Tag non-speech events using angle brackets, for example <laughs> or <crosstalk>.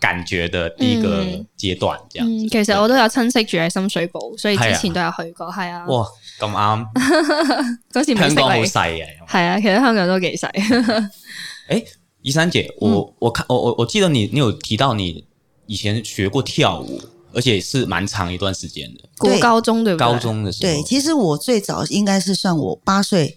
感覺的第一個階段，這樣嗯。嗯，其實我都有親戚住喺深水埗，對所以之前都有去過，係、哎、呀啊。哇，咁啱，嗰時唔係，香港好細。係啊， <laughs> 啊，其實香港都幾細。誒、 <laughs> 欸，怡珊姐，我我看我我我記得你，你有提到你以前學過跳舞，嗯、而且是蠻長一段時間的。讀對高中對，對，高中的時候，對，其實我最早應該是算我八歲。